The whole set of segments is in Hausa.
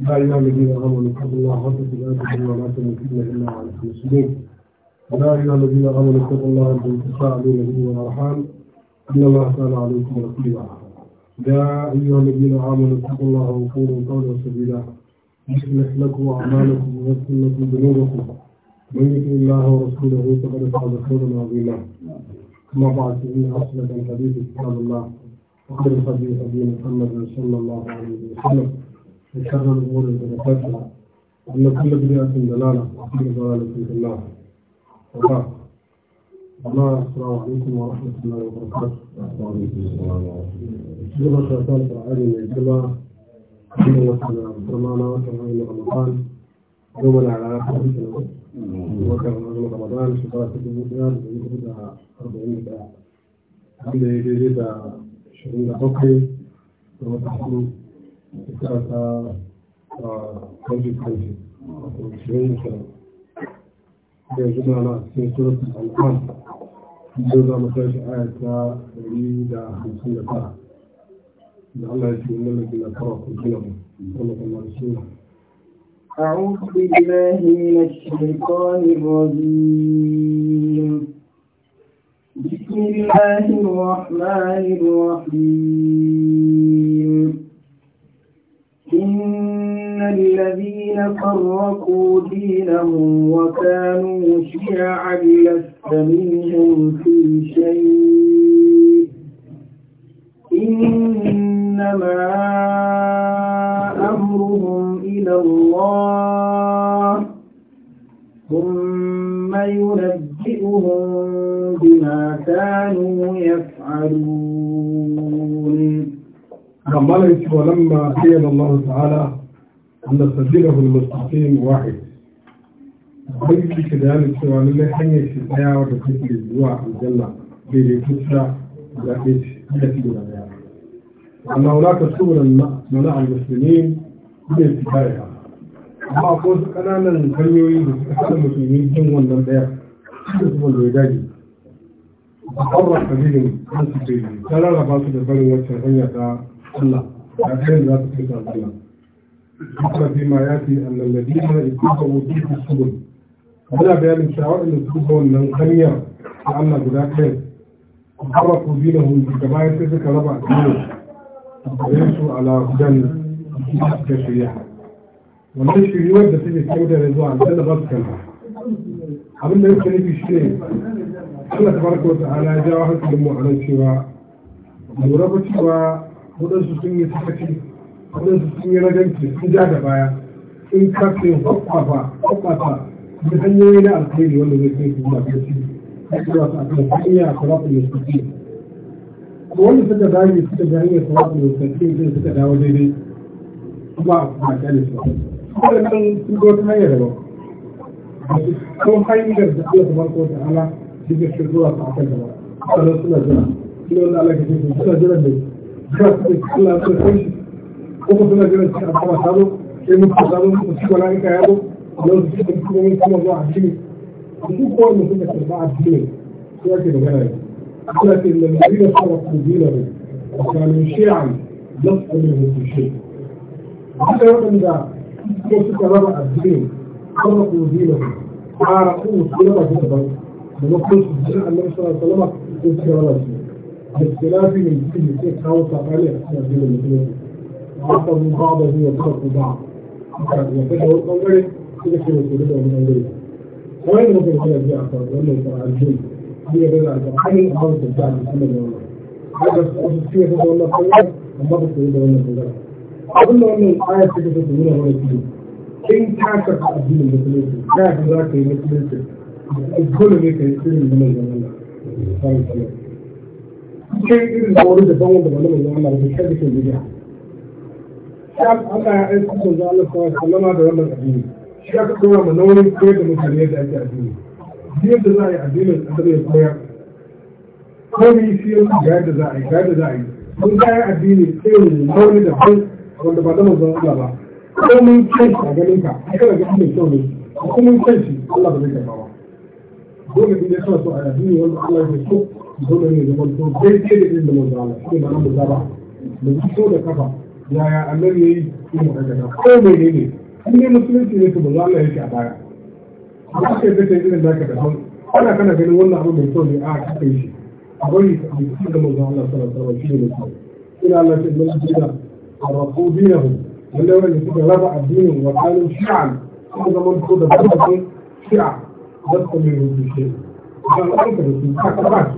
يا أيها الذين آمنوا اتقوا الله حق تقاته ولا تموتن إلا وأنتم مسلمون يا أيها الذين آمنوا اتقوا الله أنتم تساءلون به والأرحام إن الله كان عليكم رقيبا يا أيها الذين آمنوا اتقوا الله وقولوا قولا سديدا يصلح لكم أعمالكم ويغفر لكم ذنوبكم من يطع الله ورسوله فقد فاز فوزا عظيما أما بعد فإن أصلك الحديث كتاب الله وخير الحديث هدي محمد صلى الله عليه وسلم وشر الأمور محدثاتها وأن كل بدعة ضلالة وكل ضلالة في النار وبعد الله السلام عليكم ورحمة الله وبركاته. السلام عليكم ورحمة الله وبركاته. جزاك الله خير من الجماعة. رمضان وكمان رمضان يوم رمضان shekara ta uh, kwanjin kwanjin wato shirin shirin da yanzu na na cikin suratun al'an yau za mu tashi aya ta ɗari da hamsin da tara da Allah ya ce wani lalaki na kawo kwanjina mu wani kuma da suna أعوذ بالله من الشيطان الرجيم بسم الله الرحمن الرحيم إن الذين فرقوا دينهم وكانوا شيعا لست منهم في شيء إنما أمرهم إلى الله ثم ينبئهم بما كانوا يفعلون أما يسوى ولما قيل الله تعالى أن سبيله المستقيم واحد قلت كذلك سوى لله حي الشفاعة وتكفي الدعاء الجنة بالكسرى التي من أن هناك سورة منع المسلمين من اتباعها أما أقول su kananan hanyoyi da المسلمين hana musulmi jin الوداجي أقرأ da عن wanda ya daji a ƙwarar kabilin صلى الخير لا تكفي صلى ذكر فيما ياتي ان الذين اتبعوا في السبل ولا بيان شاور ان السبل من خنيا لان غدا خير فرقوا دينهم كما تلك ربع دينه ويمشوا على هدى كشريعة wannan shiriyar da take kyauta da zuwa da da basu kanta abin da yake nufi shi ne Allah tabaraka wa ta'ala ya jawo hankalin mu a nan waɗansu sun yi sakaci waɗansu sun yi raganci sun ja da baya sun kafin hukwafa hukwafa da hanyoyi na alkhairi wanda zai kai su zuwa kai su kira su a kan hanya salatul mustaqim ko wanda suka dage suka ga hanyar salatul mustaqim din suka dawo daidai kuma ba kyale su ba kuma nan sun ga wata hanyar daban ko hanyar da Allah tabaraka wa ta'ala shi ke shirzuwa ta akan gaba sannan suna jira suna da jira da جرس الله تسويش وقصنا جرس أبقى صادو كيمو تصادو وسيكو لائك أيضو ولو تسيكو من كم الله عشيني وسيكو المسلمة تسبع عشيني سيكو بغير لكن الذين صرفوا دينهم وكانوا شيعا لست منهم في شيء حتى يوم ذا كيف ربع الدين فرقوا دينهم عارقوه في ربع الدين ونقصوا الدين النبي صلى الله عليه وسلم وسيكو ربع الدين باختلاف من كل شيء أو تقلع تبديل المسلمين وعقدوا بعضه وتركوا بعض وكذا والقمري يدخلوا في بدء من أولئك وين ممكن الخلاف في أكثر لما يطلع الجن هي بدأ الحل أو تبدأ محمد والله هذا أصل فيه بدأ الله خير وما بدأ بدأ الله خير أظن أن الآية تكتب هنا ولا تجي إن تعتقد الدين المسلمين لا تراك المسلمين الكل يكفي من الله صلى الله عليه وسلم sai irin da wani da san wanda ba na manzon Allah ba kai kake bid'a shaf Allah ya aika manzon Allah sallallahu alaihi wasallam da wannan addini Shi shaf kuma mu nauyin kai da mutane da ake addini biyar da za a yi addinin annabi ya koyar komai shi yau ga yadda za a yi ga yadda za a yi mun kayan addini sai ne nauyi da kai wanda ba na manzon Allah ba komai kai a ganin ka kana ga mai kyau ne komai kai shi Allah ba zai karba ba dole ne ya sa su a addini wanda Allah ya so dole ne zaman to daidai da inda mun zama shi ne nan da zaba da zuciyo da kafa yaya annabi yayi shi mu aikata ko mene ne an ne musulunci ne to manzo Allah yake a baya amma kai da kai irin zaka da hau ana kana ganin wannan abu mai kyau ne a kaka yi shi a bari ka yi shi da manzo Allah sallallahu alaihi wasallam shi ne mutum ina Allah ce mun ji da arqu dinahum wanda wanda suka raba addinin wa kanu shi'an suka zama to da babban shi'a da kuma yin rubuce ba ka da su ka ba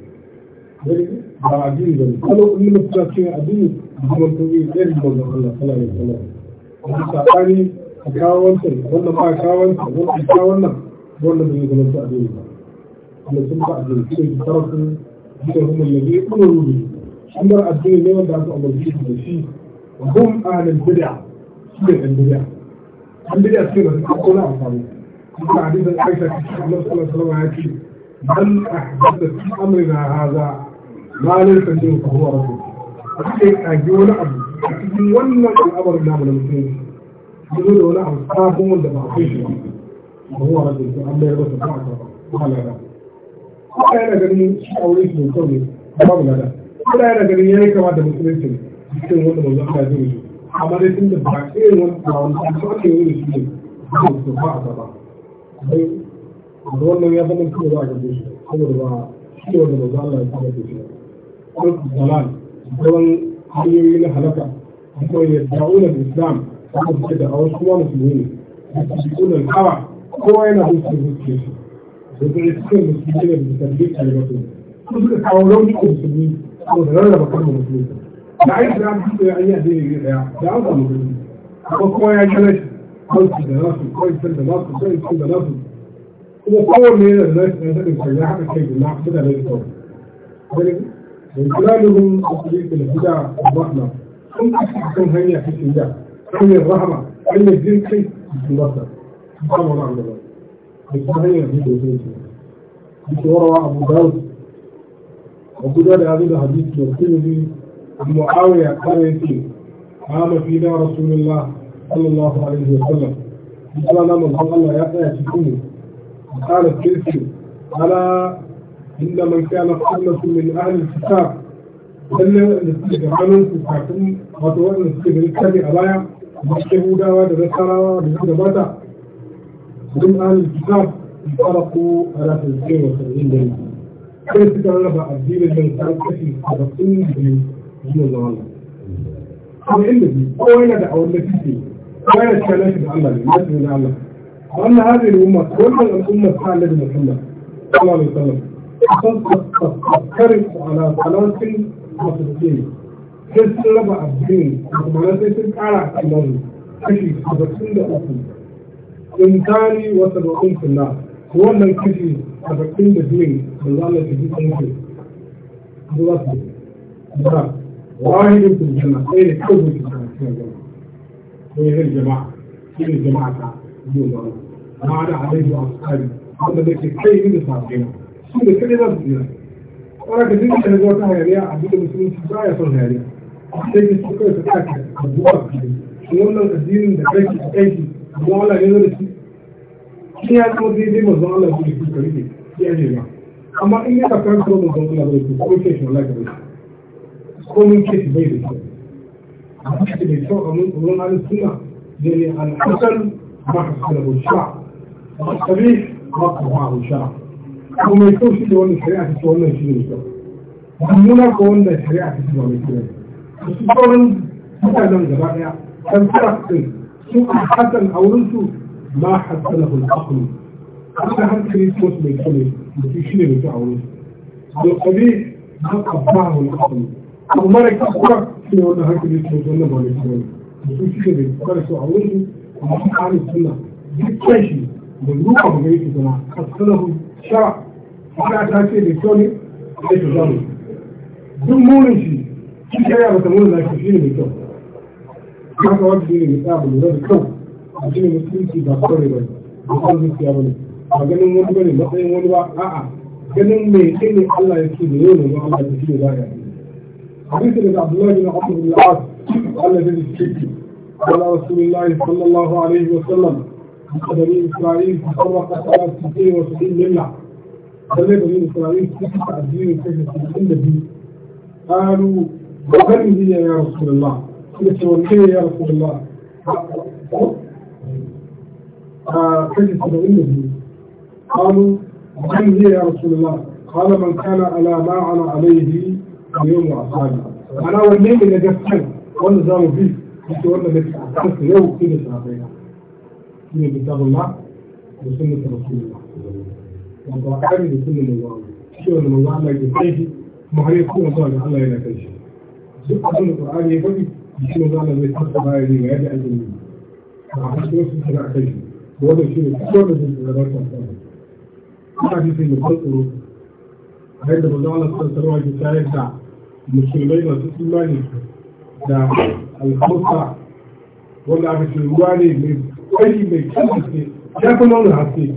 ba addini ba ne kalau in mun ta ce addini kuma to yi ɗari da wannan Allah sallallahu alaihi wasallam wani sabani a kawo wancan wannan ba kawo wancan wannan kawo wannan wannan bai zama ta addini ba Allah sun ba addini sai su tarafu gidan kuma ya zai kuma rubi an bar addini ne wanda aka umarci su da shi wa hum ahlul bid'a su ne ɗan bid'a an bid'a su ne ko na amfani kuma hadisin Aisha ta ce Allah sallallahu alaihi wasallam ya ce man ahdatha fi amrina hadha ma laysa shay'un fa huwa rabb kake kage wani abu a cikin wannan al'amarin namu na musulunci yanzu da wani abu sabon wanda ba akwai shi ba fa huwa rabb to Allah ya rasa ba ka ba lada kuma yana ganin shi a shi mai kyau ne babu lada kuma yana ganin yayi kama da musulunci cikin wanda manzo Allah ya zo amma dai tun da ba irin wani ba a abu ake yi shi ne to ba ka ba sai wannan ya zama kuma za a gaje shi saboda ba shi wanda manzo Allah ya saba طرق الضلال دول hanyoyi na halaka kuma ya da'una da islam kuma suke da awon kuma musulmi ne da sukunan hawa kowa yana hukun zuciya su da kuma cikin musulmi ne da tarbi kalibatu su suka kawo rauni da musulmi ko da rarraba kalmar musulmi da ai da an fito ya anya da ne daya da an samu gudu kuma kowa ya kira shi kawai da nasu kawai san da nasu kawai san da nasu kuma kowanne yana da nasu da nasu da ya haɗa kai da na mutane da kawai وإنقلابهم بطريق الهدى والرحمة هم أحسن هيا في الهدى هيا الرحمة هي الجنس في البصر سبحان الله عز وجل بس هيا في الهدى بس وروى أبو داود أبو داود هذا الحديث يقول لي معاوية قال يتيم قام فينا رسول الله صلى الله عليه وسلم قال لنا من الله يا أخي قالت تلك على إلا من كان قبلة من أهل الكتاب بل نسيج عمل كتابهم وطوى نسيج الكتاب ألايا مشهودا ودرسارا ودرسارا من أهل الكتاب يطرقوا على تلسين وسلين لهم كيف كان لبا أبديل من الكتاب في الكتابين من جنة الله أما إن الذي أين دعوة النتيجة أين الشلاش بعمل الناس من الله وأن هذه الأمة كل الأمة الحالة بمحمد صلى الله عليه وسلم akan karin ala talatin mafiskin sai sun raba abin kuma sai sun kara kamar kashi sabatin da uku in tani wata babban kula wannan kashi sabatin da biyu da za a tafi kanku zuwa su da wahidin kurjana sai da kawai su kan cikin gaba ko yin jama'a shi ne jama'a ta ba ke kai yin su da kaɗai za su tsira ƙwara ka zai kan zuwa ta hayariya a duk da musulunci ba ya son hayariya sai ka su kawai ka kaka a zuwa su wannan addinin da kai aiki zuwa Allah ne zai shi shi ya zama zai zai mazan Allah su da su karfe ya ne ba amma in ya kakar su mazan Allah bai su ko ke shi Allah ka bai ko mun ke shi bai da shi amma shi bai kyau a mun tsoron halin suna da ne al'asar ba ka sanar da sha'a الصريح ما قطعه شرع abu mai kyau shi ne wani shari'a ta ce wannan shi ne kyau mummuna ko wanda shari'a ta ce ba mai kyau ne su sauran mutanen gaba daya kan tsara din su a hasan a wurin su ma hasana hulakun wanda hankali ko su mai kyau ne mutum shi ne mai a wurin su alƙabi ma kabba hulakun abu mara kyau kuma shi ne wanda hankali ko wannan ba mai kyau ne shi ne mai kyau a wurin su amma su ƙarin suna duk kyan shi da zuwa ba mai kyau kuma hasana hulakun shaa ta ce da kyau da su zama duk munin shi shi ta munin shi ne mai kyau ya kawo shi ne mai tsaba lura kyau a shi ne musulunci ba kawai ba ba kawai zuciya ba ne ba ganin wani ba matsayin wani ba a'a ganin mai kai ya ce da yau ne ba Allah ya Abdullahi sallallahu alaihi wa sallam بني إسرائيل تفرق على 76 ملة خلي بني إسرائيل تسعة أدين وتسعة نبي قالوا وكم هي يا رسول الله قلت والله يا رسول الله آه، كيف نبي قالوا وكم هي يا رسول الله قال من كان على ما أنا عليه اليوم وأصحابي أنا والليل نجفتين وأنا زاروا فيه قلت والله نجفتين يوم كده من كتاب الله وسنة رسول الله صلى الله عليه وسلم. وقال علم بسنة الله شو ان الله لا يتسيه ما هي كون صالح الله لا يتسيه. زق من القران يبدي بسم الله الذي خلق ما يلي ويدع الجميع. وعرفت نفسي سبع سجن. وضع شنو كون بسنة الله صلى الله عليه وسلم. ما في سنة هذا بضاعة صلى الله عليه وسلم دا مسلمين وسلمين دا الخلطة ولا بسلمين aiki mai kyan ya fi launin haske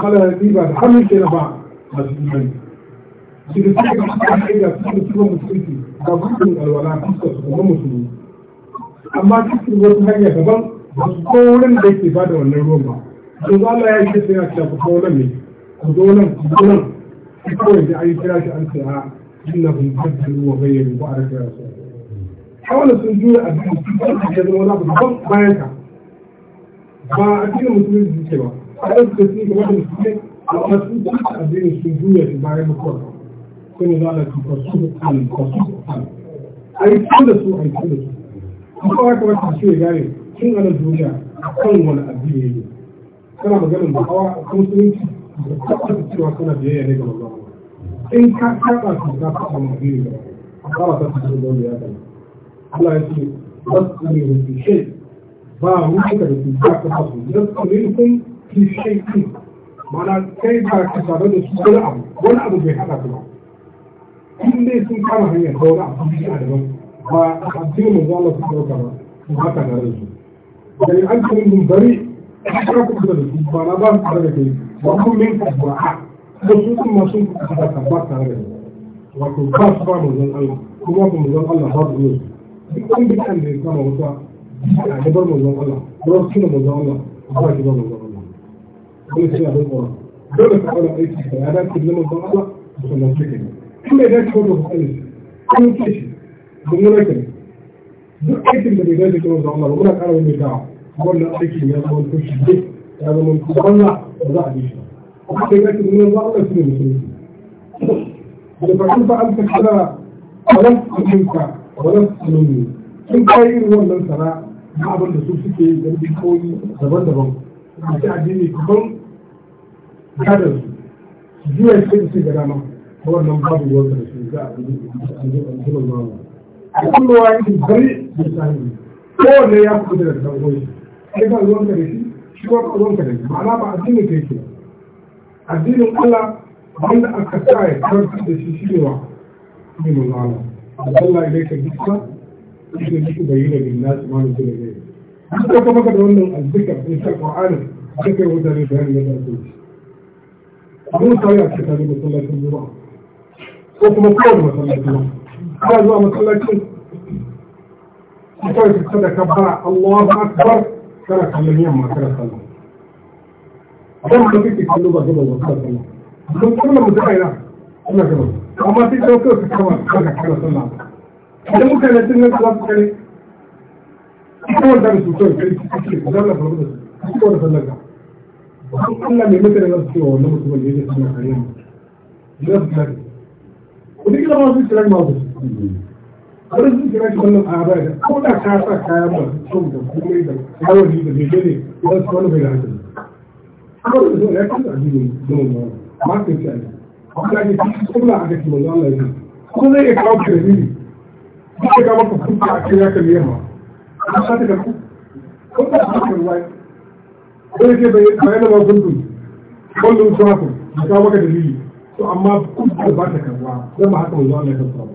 kala riba da hannun ke raba ba masu imani shi da suka kasu a kai da suka suka da ga kusurin alwala fuskar su kuma musulmi amma cikin wasu hanya daban ba su ko da yake ba da wannan ruwan ba to za a yi shi sai ya ce ku ne ku zo nan ku zo nan ku kawai da ayi kira shi an ce a ruwa bayyana ba a ba'da su. kawai sun juya a cikin cikin da zama wani abu daban bayan ka ba addinin musulunci suke ba a ɗan suka sun gaba da musulunci amma sun ta addinin sun juya shi bayan mutuwar ko ne za a ci kwasu an kwasu an a yi tun da su a yi tun da su kuma ya kamata shi ya gane tun ana nan duniya kan wani addini ne kana maganin ba hawa a kan musulunci da tabbata cewa kana biyayya ne ga manzon in ka saba su ka saba mu addini ba ba ta tabbata da wani ya Allah ya ce wasu ne wasu shi فهناك لتنباك مصر نبقى منكم في شيء معنى كيف كسبت ولا أبو ولا أبو بحاجة بعض in dai sun kama hanyar ko wani abu da yana daban ba a addinin manzo Allah su dauka ba su haka da su dai an kuma mun bari a kira ku da su ba na ba su da kai ba kun min ku ba a ko su kun ma sun ku da ka ba tare da wato ba su ba manzo Allah kuma ku manzo Allah ba su duk an bi kan da ya kama wata اعتبار منظم الله دراسة كده منظم الله الله اعتبار منظم الله كل شيء على القرآن دولة تعالى أي شيء أنا أكتب لمنظم الله عشان نمسكه كل ذلك برضه بتقلس كل شيء ضمن كده أكتب لمجازة منظم الله وقول لك أنا من الدعوة قول لا أكتب يا ضمن كل شيء يا ضمن تطلع وضع دي وحتى يأكد من الله ولا سنة المسلمين فكيف بقى أنت كده ولست منك ولست مني كنت خير ولا انت لا na abin da su suke da bikoyi daban-daban a ce addini kaman gadar su juya shi su ga dama ta wannan babu wanda da su za a yi a zuba mawa a kullowa yake bari da sani kowanne ya fito daga kangon shi kai ka da shi shi wa ka zuwan da shi ma'ana ba addinin kai ke addinin Allah wanda aka sa ya karfi da shi shi ne wa ne mun Allah Allah ilaika dukkan shi ne shi bayyana bin nasu ma ne gina gina an ɗauka maka da wannan azzikar in sa ƙwa'anin an kai mutane bayanin yadda ake yi abin misali a cikin masallacin juma'a ko kuma kowane masallacin juma'a ana zuwa masallacin su kawai su sadaka ba Allahu akbar kana kallon yamma kana kallon dan ba kake kallo ba gaba ba kana kallon don kullum mutum ina ina gaba amma sai kawai su kama kana kallon sallah idan muka yi jin nan za su kare kuma da su to kai kike da Allah ba da su ko da sallah ba Allah ne mutum da su cewa wannan mutum ne yake suna kariya da su kare ko duk da su kira ma su har su kira shi wannan a baya ko da ka sa kaya ba su da komai da kawai da ne ne da su wani bai da hankali ko da su ya kanta a jini don ma ma kai sai ko da ke cikin Allah a cikin Allah ne ko zai ya kawo kirmi ba ga maka kuka a kira ka ne ma an sa ta ku kun da haka wai dole ke bai bayan da gundun gundun su haka da ka maka dalili to amma kun da ba ta karwa dan ba haka manzo Allah ya tsara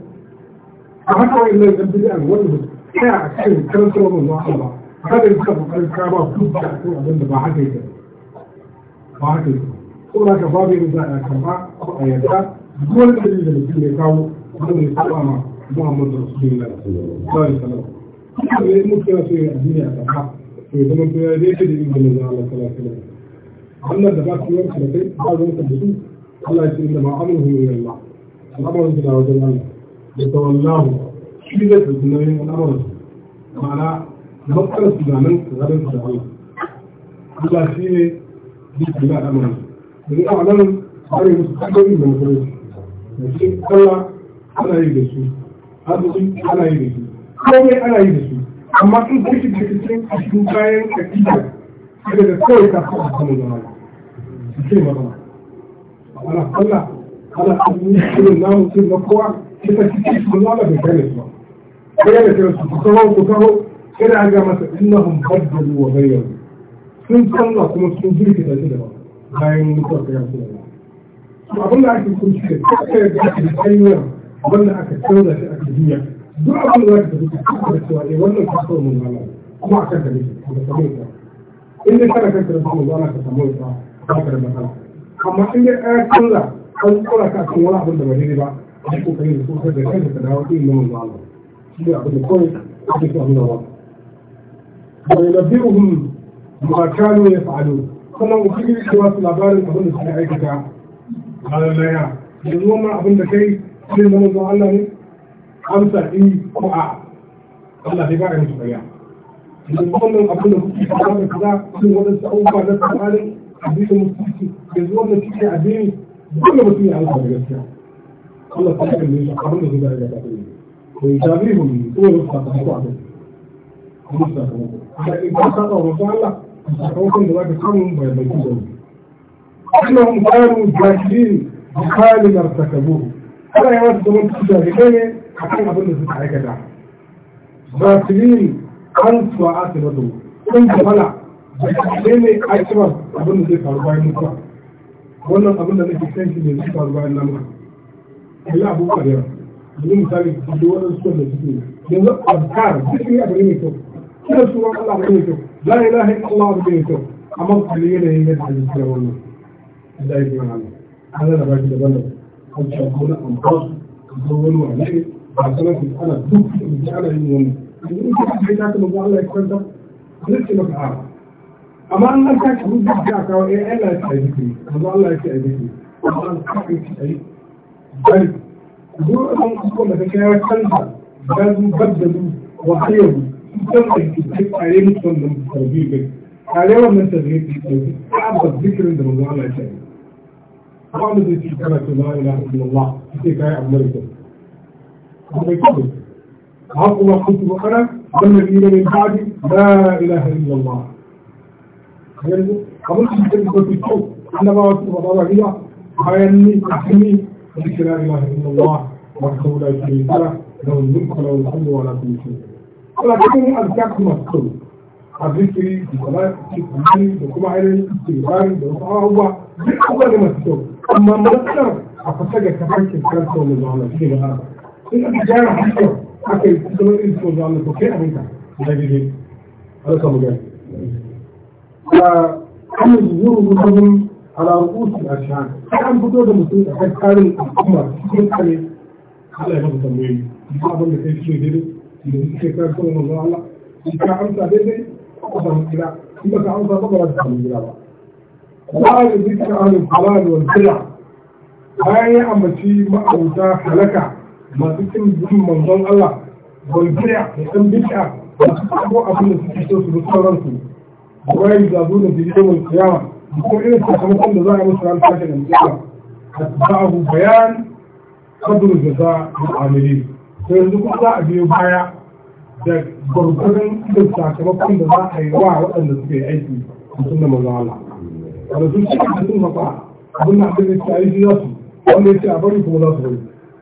a haka wai ne da bid'a wannan kai a cikin karantar manzo Allah kada ka fara kama kuka ko abin da ba haka yake ba haka yake kuma ka babu yin za'a karba ko a yarda duk wani dalili da mutum ya kawo wanda ya saba ma محمد رسول الله صلى الله عليه وسلم طيب، طيب. طيب، إيه ممكن في الدنيا كحق في زمن في هذه الدنيا من الله صلى الله عليه وسلم أما دفع في يوم سنتين بعد ذلك الرسول الله يسير إنما أمره إلى الله الأمر إلى رجل الله يتولاه شدة الدنيا والأمر معناه نبقى سلامن غدا إن شاء الله الله فيه بسم الله أمره من أعلم أن مستقبل من قريب لكن الله على يد السوق haɗuɗin ana yi da su komai ana yi da su amma sun kashi da cikin cikin bayan akida daga da kawai a fi samun zama su ce magana ana kalla ana kallon shirin namun sun na kowa kita cikin su zama da gane su ba gane da su ku kawo ku kawo kada an ga masa innahum baddalu wa bayyaru sun canza kuma sun jirkita shi da ba bayan mutuwa ta yasu da ba abin da ake kun shi da ta yadda ake da hanyar wanda aka canza shi a duniya duk abin da zaka tafi kuma da cewa ne wannan ka so mun Allah kuma akan da nake da samu ita in dai kana kan karatu mun Allah ka samu ita ba ka da matsala amma in dai aka canza an kula ka kan wani abin da ba daidai ba ai kokari da kokar da kanka ka dawo din mun Allah shi ne abin da kawai ake so Allah ba wa yunabbi'uhum ma kanu yaf'alun kuma ubangiji ya ba su labarin abin da suka aikata a ranar yanzu wannan abin da kai sai zama zuwa Allah ne amsa in ko a Allah sai wannan abin da kuke fara da kaza sun wadansu abubuwa na tsakanin addinin yanzu wannan cikin addini da mutum ya amsa da gaskiya Allah ta kalle shi abin da zuwa ko ya mu ne ko ya fara ko a kai kuma sakamako da in ka saba wa Allah sakamakon da za ka samu bai bai kada ya wasu zaman tuta da kai ne a kan abin da suka aikata ba su yi an suwa a su nazo sun kamala ne ne a kiran abin da zai faru bayan mutuwa wannan abin da nake kan shi ne zai faru bayan nan kai ya abubuwa da yawa yanzu misali da wannan suwan da suke yanzu azkar duk ne abu ne mai kyau kira suwan Allah abu ne mai kyau la ilaha illallah abu ne mai kyau amma kalli yanayin yadda ake kira wannan Allah ya ji mana Allah Allah da baki daban-daban wancan ko na amfos ka zo wani wane ba sanar da ana duk da ana yin wani an yi ka kai ta kuma Allah ya kwanta zai ce maka a amma an an tashi mun duk da kawo eh Allah ya tsaye ki amma Allah ya tsaye ki amma an kafa ki tsaye bari duk an kuma da kake ya kanta da zu baddalu wa hayyu dan da ki tsaye ne wannan tarbiyya tare wannan tarbiyya ta ba zikirin da manzo Allah ya ba mu zai ci kana ce la ilaha illallah sai kai amma da kyau akwai kyau ha kuma kuntu ana wannan ne ne ba'di la ilaha illallah yanzu kamar su cikin ba su kyau annabawa su ba ba riya bayan ni kafini da kira ilaha illallah wa kaula shi kala da wannan kala wannan wala kun shi kala cikin azkar kuma kyau azzikiri da salati da kuma ainihin istighfar da wasu abubuwa duk abubuwa ne masu kyau amma matsalar a kusa ga tafarkin karfa wani zuwa shi ne ba in aka gyara hanyar aka yi kusa wani isko zuwa na kai abinka da gidi har samu gani ah, ana zuwa musamman ala rukusi a shan sai an fito da mutum a kan tsarin al'umma cikin kare Allah ya masa tambayoyi ba abin da kai shi ne da suke karfa wani zuwa Allah in ka amsa daidai ko ba mu kira in ba ka amsa ba ba za ka samu gida ba Wani zikin anu halal wa sila, bayan ya amince ma'auta halaka masu cin jin manzon Allah, bulgiriya da ɗan bishiya masu kasuwa abin da suke so su bi sauransu, da wani zazu da jirgin mai tsayawa, da kuma irin sakamakon da za a yi musu ran tashi da mutuwa, a tuba abu bayan kadurin da za a amiri. Sai yanzu kuma za a biyo baya da gwargwarin irin sakamakon da za a yi wa waɗanda suke aiki mutum da manzon Allah. a da sun cika da sun mafa abin da ta yi su wanda ya ce a bari kuma za su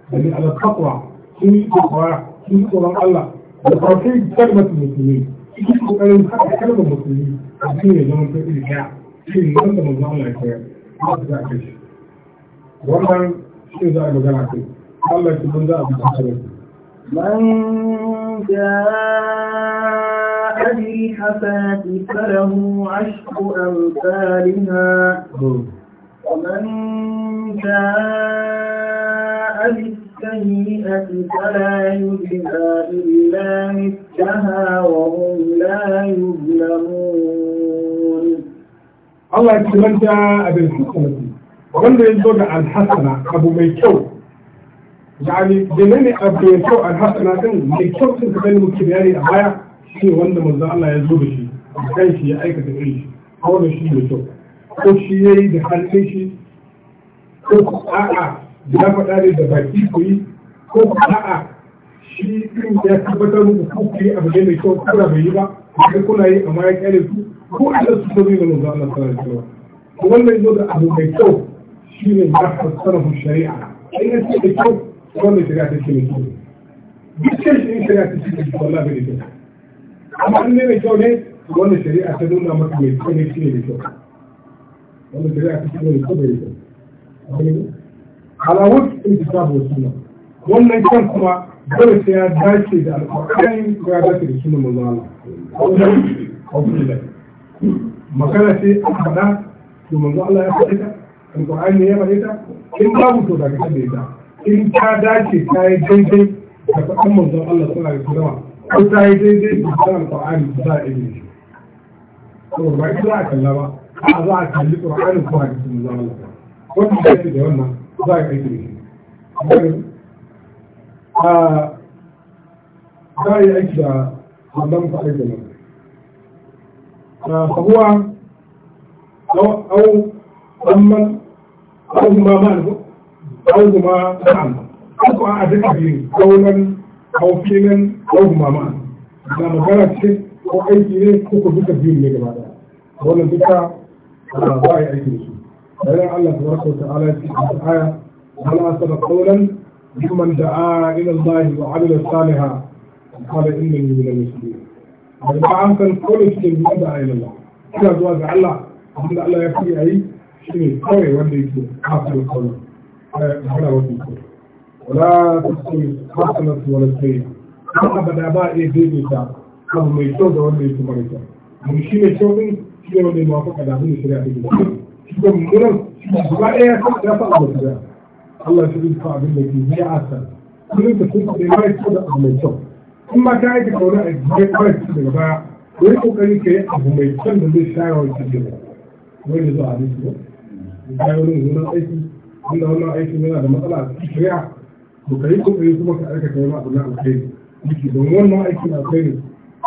bari yani alaƙaƙwa sun yi tsoron sun yi tsoron Allah da farkai kalmar musulmi sun yi ƙoƙarin haɗa kalmar musulmi a cikin ya zama ta iri ɗaya shi ne wanda manzo Allah ya koyar su za a kai shi wannan shi za a magana kai Allah ki mun za a bi ta kare أجنحة فله عشر أمثالها ومن جاء بالسيئة فلا يجزى إلا مثلها وهم لا يظلمون الله يكتبن جاء بالحسنة wanda ya zo da alhassana abu mai kyau yani da ne abu mai kyau alhassana din mai kyau sun ka gani muke bayani a baya shi wanda manzo Allah ya zo da shi kai shi ya aikata irin shi a da shi mai kyau ko shi ya yi da hannun shi ko a'a ya faɗa ne da baki ku yi ko a'a shi ɗin ya tabbatar muku ku ku yi abu ne mai kyau kuna bai yi ba sai kuna yi amma ya kyale su ko Allah su zo da manzo Allah sallallahu alaihi wasallam ko wannan zo da abu mai kyau shi ne ya fassara shari'a A ina ce da kyau wannan shari'a ta ce mai kyau dukkan shi shari'a ta ce da wallahi da kyau amma an nuna kyau ne wanda shari'a ta nuna maka mai kyau ne shine da kyau wanda shari'a ta shine mai kyau da kyau alawut ta ta sabo suna wannan kyan kuma dole sai ya dace da alƙur'ani ya dace da sunan manzo Allah magana ce an faɗa to manzo Allah ya faɗi ta alƙur'ani ne ya faɗi ta in babu to da ka da ita in ta dace ta yi daidai da faɗan manzo Allah sallallahu alaihi wasallam ko ta yi daidai da kalan ƙwa'ani ba za a iya shi to ba ita za a kalla ba a za a kalli ƙwa'ani ko hadisin zama lafa wanda ya ce da wannan za a aiki da shi a za a yi aiki da wannan fa'ai da nan فهو أو أو أما أو ما معنى أو ما معنى أو أعدك به قولا ko filin ko mama da magana ce ko aiki ne ko ko duka biyu ne gaba daya wannan duka ba ya aiki su bayan Allah tabaraka wa ta'ala ya ce a aya wala asaba qawlan mimman da'a ila Allah wa 'amila salihan qala innani min al-muslimin da ba an san kawai suke biyu da ayi Allah ina zuwa ga Allah abinda Allah ya fi yi shi ne kawai wanda yake kafin kawai ana wasu kawai ولا تكون حسنة ولا سيئة haka ba da ba iya daidaita abu mai kyau da wanda ya kuma rita abu shi mai kyau din shi ne wanda ya da abin da da gudu shi ga mummunan gaba ɗaya ya san ya da shari'a Allah shi zai abin da ke zai asa kullum da sun faɗa mai kyau da abu mai kyau ma ka aika kauna a jikin kawai su daga baya ko yi kokari ka abu mai kyau da zai shayar wa ke gaba da a nufi ba da ya wani aiki wanda wannan aiki yana da matsala a cikin shari'a to kai kokari kuma ka aikata ma abu na alkhairi yake don wannan aikin alkhairi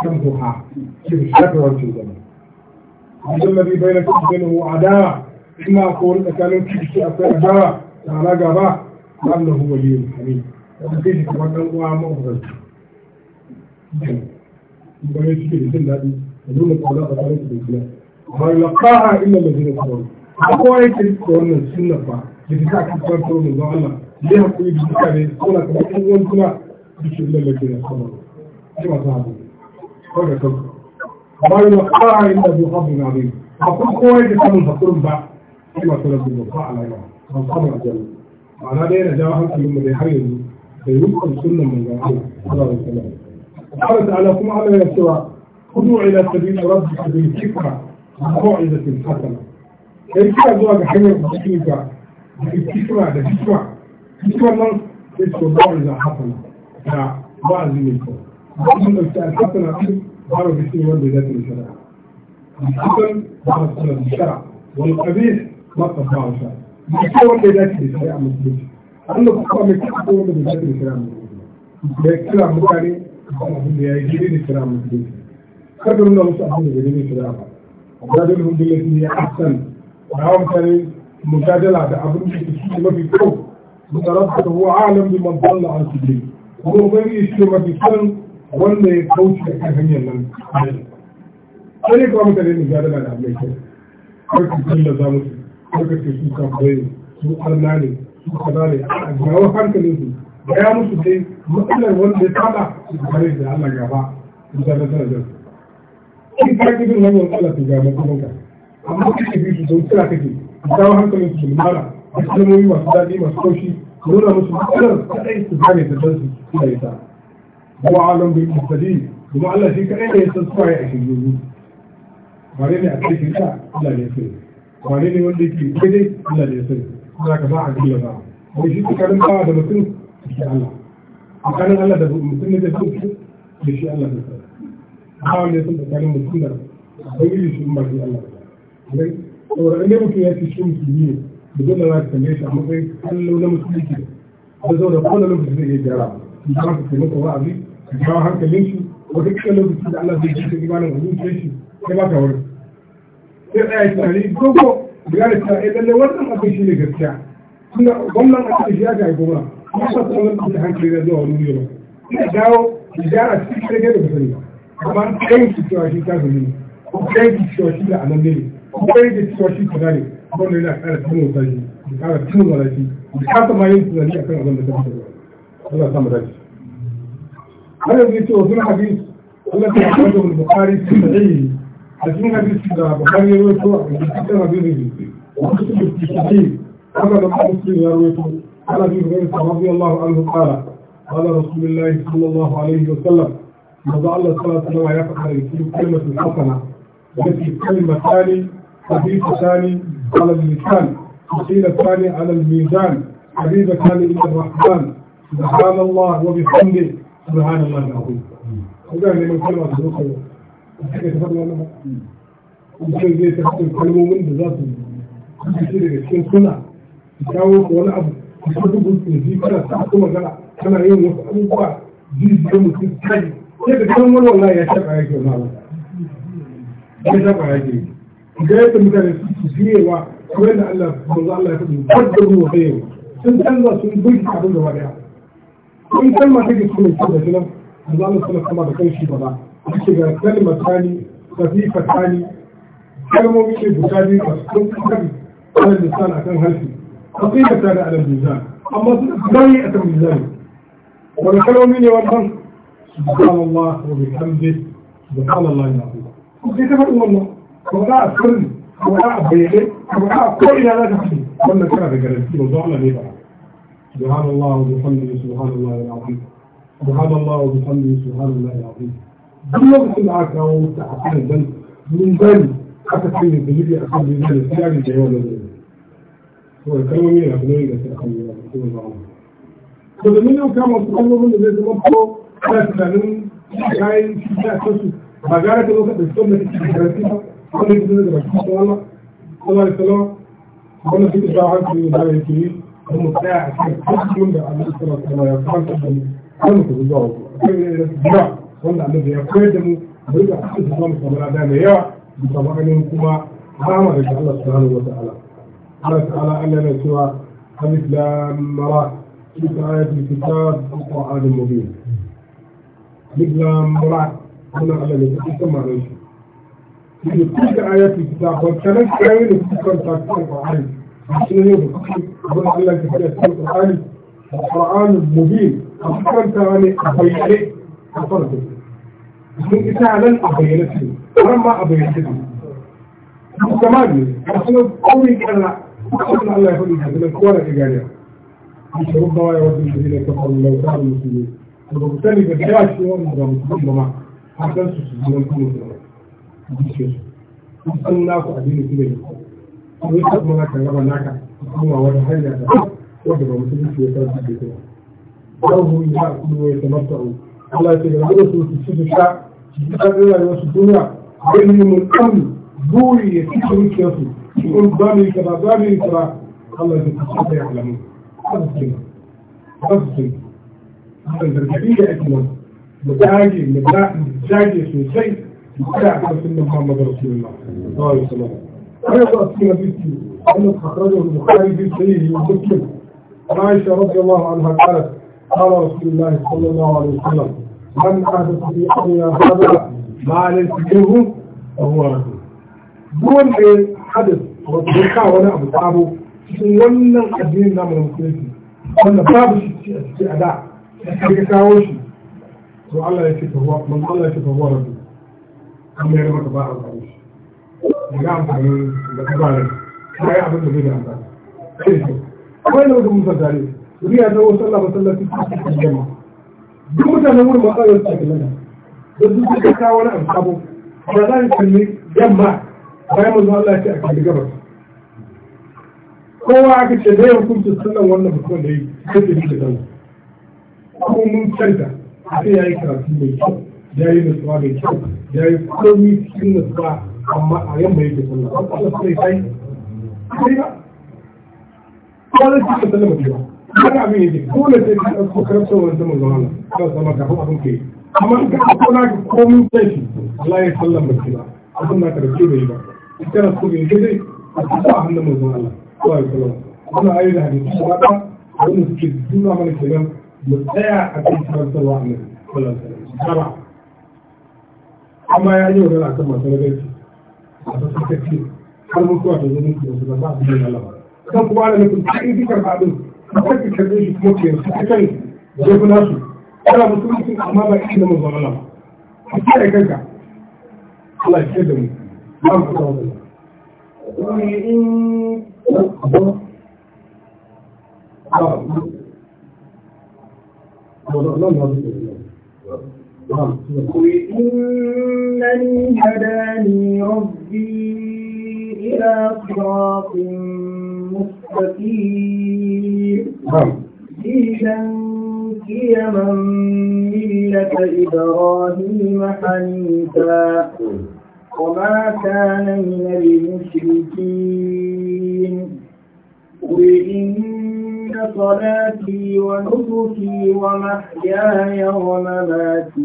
kan duha ke da shafi wancan zama wajen nabi bai na kusa da hu adawa ina ko wani tsakanin kirki akwai adawa tara gaba wannan hu waliyu hamid wanda kai shi kamar dan uwa kuma bayan suke da jin daɗi da nuna kauna a tsarin su da gina amma laqaha illa allazina kafaru akwai yake da wannan sunna fa da ta kan farko mun zuwa Allah yi haƙuri da mutane suna kuma ɗan kuma duk shi lallace da sama ai masu haɗu kawai da kanku amma yi wa ƙara yin da zuwa haɗu na rai ba kuma kowa yake samun haƙurin ba ai masu rabu da ba alaƙa ba samun ajiyar ma'ana dai na jawo hankalinmu dai har yanzu da yi rukun sunan manzan Allah sallallahu alaihi wasallam قال تعالى كما على يسوع خذوا إلى سبيل ربك بالفكرة والموعظة الحسنة. كيف أزواج حمل بحكمة بالفكرة بالفكرة Common is for God is a happener. Yeah, God is in it. Common is a happener. God is in one with that in Shara. الحسن بعد سنة الشرع والقبيح ما تطبع الشرع. يسوى بذات الشريعة المسلمة. أنه بقى مكتوب بذات الشريعة المسلمة. بيكتلع مكاني يجري الشريعة المسلمة. قدر الله سبحانه يجري الشريعة. وجادلهم بالتي هي أحسن. وعاهم كان مجادلة بأبروك الشيء ما في كوب da rabbaka huwa alam bi man dalla an sabili ko bari shi ma san wanda ya kauce kan hanyar nan sai ne kuma mutane ne gada da Allah ke karka kalla za mu ko ce su ka bai su Allah ne su ka ne a gawa hankali su ya musu dai matsalar wanda ya tada su bare da Allah gaba in ta da sanar in ka ki nan hanyar Allah ta gaba kuma amma kike bi su don tsaka kike gawa hankali su mara da kalmomi masu daɗi masu kaushi nuna musu matsalar kaɗai su gane da don su da ita wa alam bil mustadi kuma Allah shi kaɗai ne ya san suwaye a shirye wane ne a cikin ka Allah ne ya sani wane ne wanda yake dai? Allah ne ya sani kuma ka ba a cikin ba wai shi tsakanin bawa da mutum shi Allah tsakanin Allah da mutum ne da mutum da shi Allah ne sani ba wanda ya san tsakanin mutum da ubangiji shi in ba shi Allah ba saboda in dai mutum ya ce shi mutum ne da za ka kalle shi a matsayin kallo na musulunci da zaune kowane lokaci zai iya gyara in ka masa taimaka wa'azi ka jawo hankalin shi wata kila lokaci da Allah zai ji ka imanin a zuciyar shi sai ba ka wurin sai tsaya tunani da ta cewa eh lallai wannan abin shi ne gaskiya tunda gwamnan yi cikin shi ya ga goma kuma ba su wani da hankali na zuwa wani wuri ba ina dawo da gyara cikin shi da gaba sani ba amma an shi cewa shi ta zama ne ko kayan shi cewa shi da anan ne ko kayan shi cewa shi kaza ne abin da yana ƙara cikin zai da ƙara cikin zarafi da kasa ma yin tunani a kan abin da ta fito Allah samu dace har yanzu yace wasu hadis Allah ta yi da Bukhari sun da dai a cikin hadisi da Bukhari ya rawaito a cikin hadisi ne wasu da ke cikin haka da Muslim ya rawaito ana bi bayan sahabi Allah anhu qala qala Rasulullah sallallahu alaihi wa sallam maza Allah sallallahu alaihi wa sallam ya faɗa da kalmatu hasana wacce kalma tani حديث الثاني على اللسان وقيل الثاني على الميزان حديث الثاني إلى الرحمن سبحان الله وبحمده سبحان الله العظيم وقال لمن كلمة تدخل وحكي تفضل لها ومثل زي تخطر كلمه من بذاته كثير كثير سنة يتاوك ولا أبو يتاوك ويجي كلا تحكم كلا كما يوم وفقوا جيد يوم وكثير كيف تكون والله يا شبع يا جماعة يا شبع يا جماعة hidayar mutane su su jiyewa kamar da Allah manzo Allah ya faɗi kaddaru wa bayyaru sun canza sun bai abin da wariya kun kalma take cikin kyau da nan manzo Allah sallallahu alaihi da kanshi ba ba yake ga kalma tani safifa tani kalmomi ne guda biyu a cikin kan alal lisan akan harshe safifa tani alal lisan amma su dai a kan lisan wani kalmomi ne wannan subhanallah wa bihamdihi subhanallah ya Allah sai ta faɗi wannan كل كل سبحان الله وبحمده سبحان الله العظيم سبحان الله وبحمده سبحان الله العظيم كل كل عاكا وتحقيق الجنة من ذلك حتى في الجليل أقل من ذلك في أجل جوال ذلك هو الكلمة مين أقنعي لك أقل من ذلك كل منهم كان مصطفى من ذلك مصطفى ثلاثة من جاي في ذلك فقالت الوقت السنة في الثلاثين wanda ya zai da kuma Allah Allah ya salama wanda suke sa hankali da ya ke da mu tsaya a kan dukkan da Allah sallallahu alaihi wasallam ya kwanta da mu kan ku zuwa ku akwai ne da jira wanda Allah ya koyar da mu mu rika cikin samun sabara da mai yawa da sabanin kuma rama da Allah subhanahu wa ta'ala Allah ta'ala Allah yana cewa alif lam ra تلك آية الكتاب القرآن المبين. مثل مراد هنا على التي تسمى عليه من كل آيات الكتاب والكلام كامل في كل تفسير القرآن شنو هي بقول الله في القرآن القرآن المبين أحكام ثاني أبينه أفرده من إسعالا أبينته رمى أبينته كمان أصلا قوي كان أصلا الله يقول لك من الكورة إيجابية مش ربما يود الذين كفروا لو كانوا مسلمين وبالتالي بالحياة شنو نظام مسلم معه حتى نسوا سبحانه وتعالى zuciyarsu kusan naku addini su ne da kuma ya kuma na kan raba naka kuma wata hanya da wadda ba musulunci ya sarrafa da ita ba ɗauhu ya kuma ya tamatta'u Allah ya ce ga wanda su su ci su sha su ci ta ɗin rayuwar su duniya wani mun kan buri ya ci zuciyarsu su in ba mu yi kaza ba mu yi kaza Allah ya ce ku ci ta ya alamu ba su ci ba su ci ba su ci da ake nan mu dage mu dage sosai محمد رسول الله صلى الله عليه وسلم أنا تأثير بيتي أن أخرجه البخاري في صحيحه ومسلم عائشة رضي الله عنها قالت قال رسول الله صلى الله عليه وسلم من أحدث في أمرنا هذا ما ليس منه فهو رجل دون حدث وتوقع ولا أبو تعبه cikin wannan addinin namu na musulunci wanda babu shi a cikin ada da kawo shi to Allah ya an mayar maka ba amfani da ga amfani da kabarin ta yi abin da zai da amfani akwai da wajen musa tare zuri ya zama sallah masallaci a cikin jama duk mutanen wurin masu yau cikin lana da su suka kawo wani abu ba za ka kalli yamma bayan manzo Allah ce a kalli gabas kowa aka ce da yau kun ce sallan wannan mutum da yi sai da shi da sallah ko mun canta sai ya yi karatu mai kyau Yayi nutsuwa mai kyau ya komi cikin nutsuwa amma a yamma yake sallah ba ku sai sai sai ba ba zai cikin sallah mace ba abin yake dole sai ka ɗauko karfin wani zaman kan sama abin ke amma in ka ɗauko na ka komi sai shi Allah ya sallah ba abin na da ba in kana so ke dai a kusa a hannun manzon Allah sallallahu alaihi wasallam da hadisi ba da wani suke duna mana kenan mu tsaya a cikin karantarwa a nan sallallahu da amma ya yi wadana kan masu ragarci a sassakaci har mutuwa da zuwa da su zama a kan kuma ana nufin cikin dukkan abin a kake karbe shi kuma ke su kan jefi nasu ana musulunci amma ba ikin da mazan alama a kare kanka Allah ya ce da mu ba mu kawo ba Allah قل إنني هداني ربي إلى صراط مستقيم نعم. دينا قيما ملة إبراهيم حنيفا نعم. وما كان من المشركين قل إن صلاتي ونسكي ومحياي ومماتي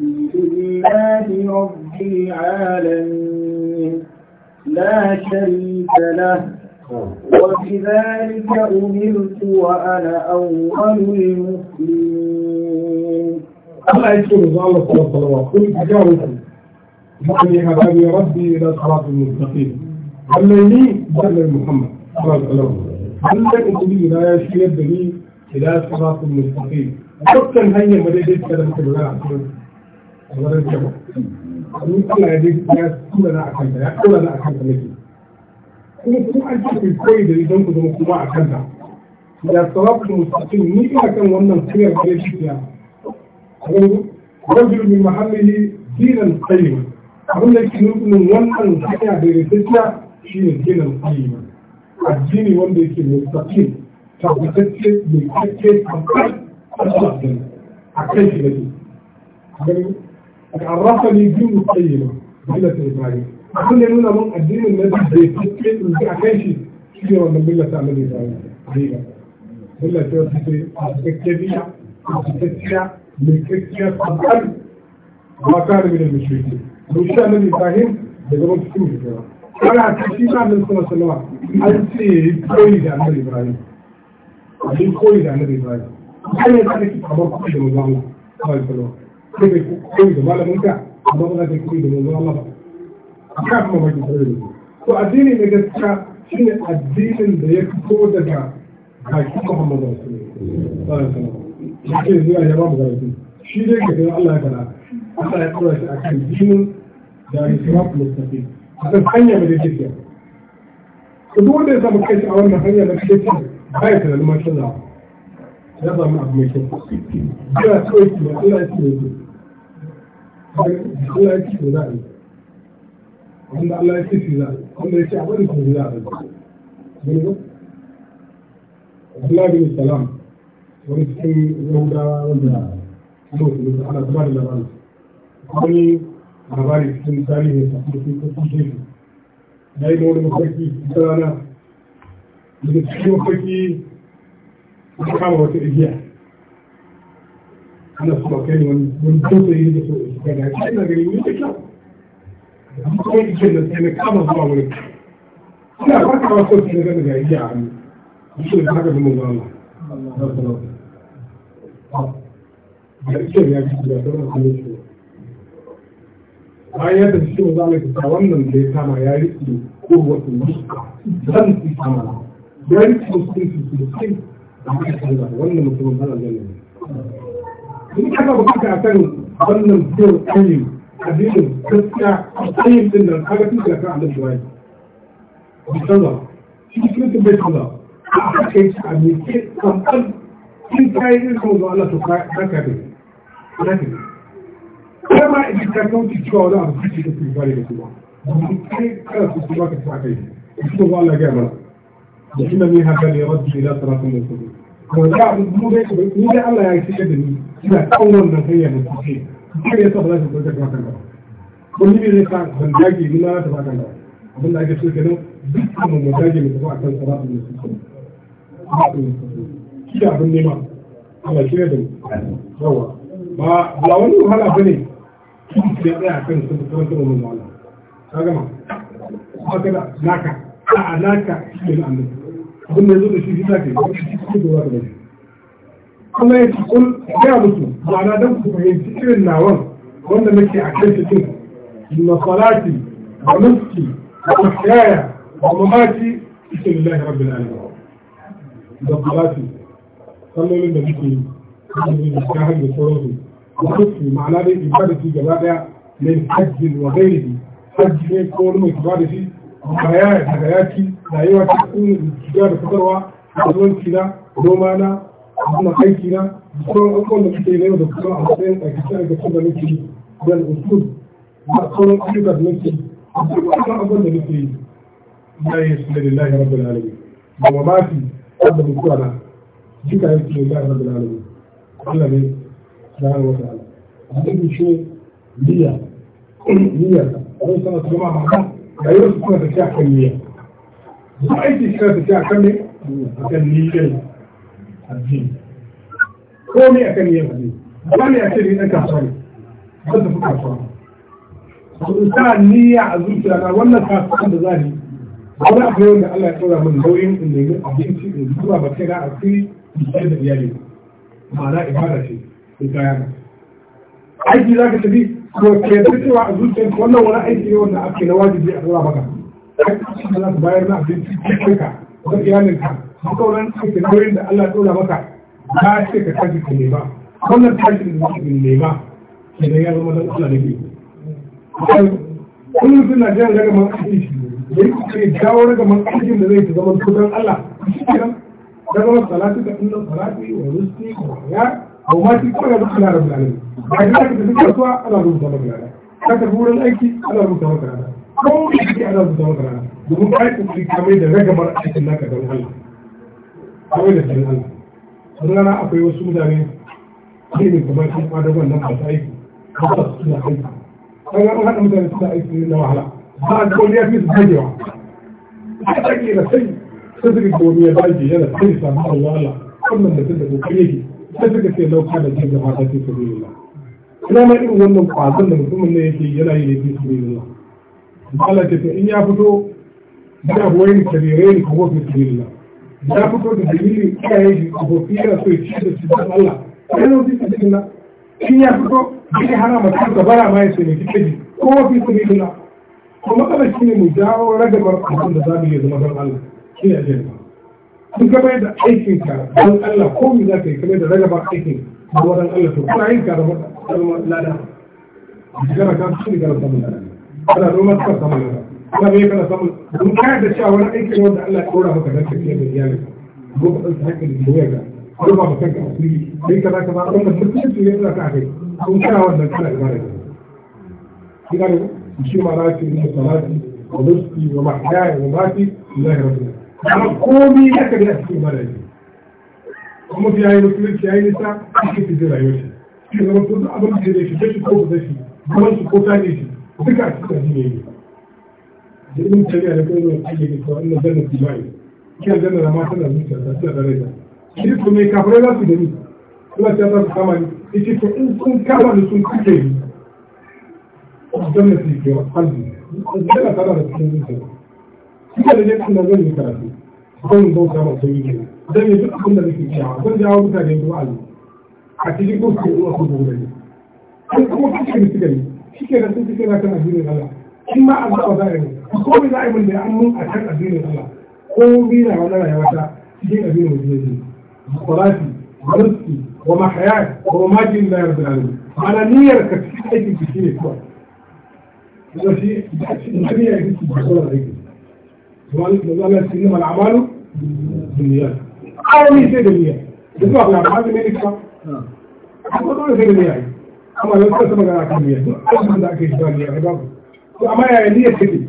لله رب العالمين لا شريك له وبذلك أمرت وأنا أول المسلمين الله يشكر الله صلى الله عليه وسلم قل تجاوزي معني حبابي ربي إلى صراط المستقيم الليلي بل محمد صلى الله عليه وسلم duk da ubangiji na ya shiryar da ni ila siratul mustaqim dukkan hanyar zai da muka a ni ya ya na akan ya na akan nake kuma kuma an da idan ku kuma akan ya mustaqim ni ina kan wannan sirrin rajul min mahallihi dinan qayyim abin da yake nufin wannan hanya da rikiciya shine dinan qayyim الدين والذيك المستقيم فبتسكت بتسكت أكثر أكثر جنة أكثر جنة عرفني دين مستقيمة ملة إبراهيم أقول لنا من الدين الذي بتسكت بتسكت أكثر كثير من ملة أمل إبراهيم أيوة. ملة إبراهيم ملة ما كان من المشركين. وإن شاء الله إبراهيم يقولون كثير من الكلام. أنا أتكلم عن من سنة سنوات. an ce koyi da annabi ibrahim abin koyi da annabi ibrahim An yanzu ana kifa kamar koyi da manzo Allah kawai sallallahu sai kai koyi da malamin ka amma ba za koyi da manzo Allah ba a kan kuma mai tare da to addini na gaskiya shine addinin da ya fito daga bakin Muhammadu sallallahu alaihi wasallam yake zuwa ya ba mu gari shi dai ka ga Allah ya kana Allah ya kura shi akan dinin da Islam mustaqim akan hanya mai da gaskiya to duk wanda ya samu kai a wannan hanya na kai ta ba ya tunanin ma canza ya samu abu mai kyau yana kawai ki ma Allah ya ci ne Allah ya ci ne za a yi wanda Allah ya ci shi za a yi wanda ya ci a wani kuma za a yi Allah bin Salam wani cikin Yahudawa wanda ana zama da labarin wani labari cikin tarihin sa kuma sun kasance na yi da wani mafarki ta rana daga cikin mafarki ta kama wata igiya ana su bakai ne wani dutse yi da su igiya da ya ina ganin yi da kyau da kuma kawai igiyar da sai na kama zuwa wurin ina farkawa sau sai na gani ga igiya a hannu shi ne haka zama zuwa Allah. Da igiyar ya fi da sauran kuma bayan ya tafi shi maza mai fita wannan da ya kama ya riƙe kurwatu muska zan fi kama ya riƙe musulunci su da aka canza wannan mutumin ba zan ne in aka bukata a kan wannan biyar tsayin addinin gaskiya tsayin din nan kaga tun da kan annabi wani bai canza shi mutum bai canza a aka kai shi a meke kamar in kayi irin kan zuwa Allah to ka ka dama idan ka kauce cewa wani abu kake da kuma da kuma domin kai kada su kuma ka sa kai su ba Allah ga mana da ina ne haka ne rabbi ila siratin mustaqim ko da mu dai ni dai Allah ya ce da ni ina kan wannan hanya da kuke kai ya sa ba za ka kauce ka kan ba ko ni ne ka ban dage ni na ta ba kan ba abin da ake so kenan dukkan mu dage mu kuma akan siratin mustaqim shi da abin nema Allah kire da mu yawa ba wani wahala ne. da tsaya kan su kan su mun wala ka gama ko kada naka a alaka shi ne annabi abin da yazo da shi zaka yi shi da wata da kuma ya ci kun ya mutu ma'ana dan ku fahimci irin nawan wanda nake a kan cikin inna salati wa nusuki wa mahyaya wa mamati lillahi rabbil alamin da salati sallolin da muke yi da ta hanyar sauransu mutunci ma'ana dai shi gaba daya min hajjin wa gairihi hajji ne ko wani mai da shi baya daga yaki rayuwa ta tsunin shiga da fitarwa kasuwanci na noma na kuma aiki na kuma abubuwan da suke yau da kuma a matsayin aikace aikace da nake yi da al'usul da sauran ayyuka da nake yi a cikin abubuwan da nake yi na yi da lillahi rabbil alamin da mamaki na yake lillahi Allah ne subhanahu wa ta'ala annabi ce niyya niyya ko sana su gama maka da yau su suna tafiya akan niyya su aiki suna tafiya kan ne a kan niyyar addini ko ne a niyyar addini ba ne a ce ne ɗan kasuwa ne ba ta fi kasuwa su sa niyya a zuciya na wannan kasuwan da za ni wani abu yau da Allah ya tsora min nauyin in yi abinci in zuwa ba kai na a kai da iyali ma'ana ibada ce aiki za ka tafi ko ke fitowa a zuciyar wannan wani aiki ne wanda ake na wajibi a zuwa baka aiki da za su bayar na abinci cikin ka ga ka. duka wani aiki na wurin da Allah ya dora maka ba ce ka tashi ka nema wannan tashi da zaka nema kenan ya zama dan Allah da ke kullum suna jiran daga man aiki shi da yi kuka dawo daga man aikin da zai ta zama tutan Allah shi kenan daga wasu salatu da inna salati wa rusti wa ya أو ما تكون أنا أنا رب العالمين بعد ذلك تذكر أسوأ أنا رب العالمين تذكر بول الأيكي أنا رب العالمين كون يجي أنا رب العالمين domin aikin su kamar da ragamar aikin naka don Allah Kawai da don Allah sun gana akwai wasu mutane ne ne kuma sun fada wannan masu aiki ba su suna aiki kan gano haɗa mutane suna aiki na wahala ba a kawai ya fi su dagewa a ɗage da sai sun su ga ya baje yana sai samu Allah Allah wannan mutum da kokari yake sai suka ce lauka da ke gaba ta ina ma irin wannan kwazon da mutumin ne yake yana yi da fi in ya fito da boye kabirai ne ko ya fito da dalili iyayen ko so ya ci da Allah ya fito ma ya ce ko fi kuma kada shi ne mu jawo ragabar abin da za mu yi zama don Allah shi ne jirgin. Kun ka da aikin ka don Allah ko mi za ka yi ka mai da aikin ka don Allah to kuna yin da lada jigara ka su rigara kana kana kana da cewa wani wanda Allah ya kora maka da iyali ko ka da ya ko ba ka asiri sai ka za ka ba ne ka kai kun kana wannan kana ibada ne kina shi ma ne salati wa da komi da ka gina cikin bada ne kuma ya yi musulunci ya yi nisa a cikin cikin rayuwar shi shi zama sun abin da ya shige shi ko ku zai shi zaman shi ko ta ne shi duka a cikin ajiye ne da ilimin shari'a da kuma yin ajiye ne ko wannan zanen kimani kiyar zanen rama tana zuciya da tana da raita shi su mai kafirai za su gani kuma ta za su kama ni yake to in sun kama ni sun هل يجب أن نبني كرافي؟ أقول لهم دوسة مصيبين هل يجب أن نقوم بك الشعاع؟ كل جاء وقتا جيد وعلي حتى يجب أن نقوم بك الله أخذ بغلي أنا أقول حكي بسكري حكي رسول حكي لا كان أدين الله إما أبدا وزائم أقول دائما لأمه أشهد أدين الله قومي لا ولا لا يا وشاء شيء أدين وزيدين صلاتي ورزقي ومحياي ومماتي لله رب العالمين على نيرك في حياتي في شيء كويس. لا شيء، لا وقال إنما الأعمال بالنيات أو من شيء بالنيات بسبب الأعمال من يكفى أما دولة شيء بالنيات أما لو كنت مجرى كمية أما ذاك إشبال يا عباد أما يا نية كده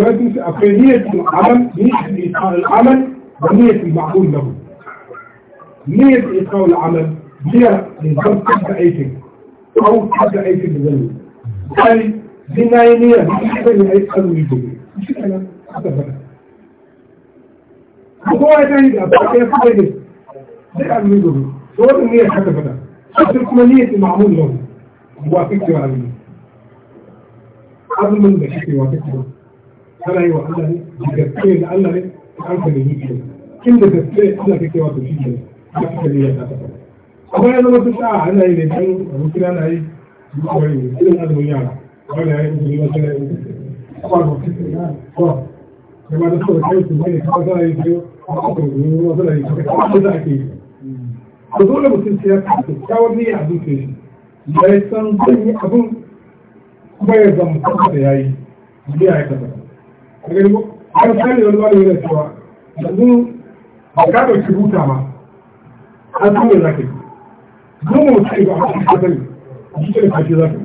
لازم أقول نية العمل نية العمل ونية المعقول له نية إيقاع العمل هي نظام تبدأ أي شيء أو تبدأ أي شيء بذلك يعني دي نية نية نية نية نية نية نية نية نية kowa ya gani da abu a kai kuma ne zai azumi ko to ne ya haka fada ko kuma ne ya ce ma'amun lau wa kake wa azumi da kake wa wa kana yi wa Allah ne da gaske da ne da an ka da zuciya kin da gaske Allah kake wa to shi ne ba kake ne ya haka fada akwai ya zama tuta ana yi ne kan abokin ana yi ne irin azumin yara wanda ya yi musulmi wasu na yi musulmi a ba ba ba ba ba ba ba ba ba a dole mutum sai ya kyawar a shi ya yi san yi abin kuma ya zama da ya yi ya kasa a gani ko har sani wani wani yana cewa yanzu ba ka huta ma an san mu sai ba a cikin a cikin kashi a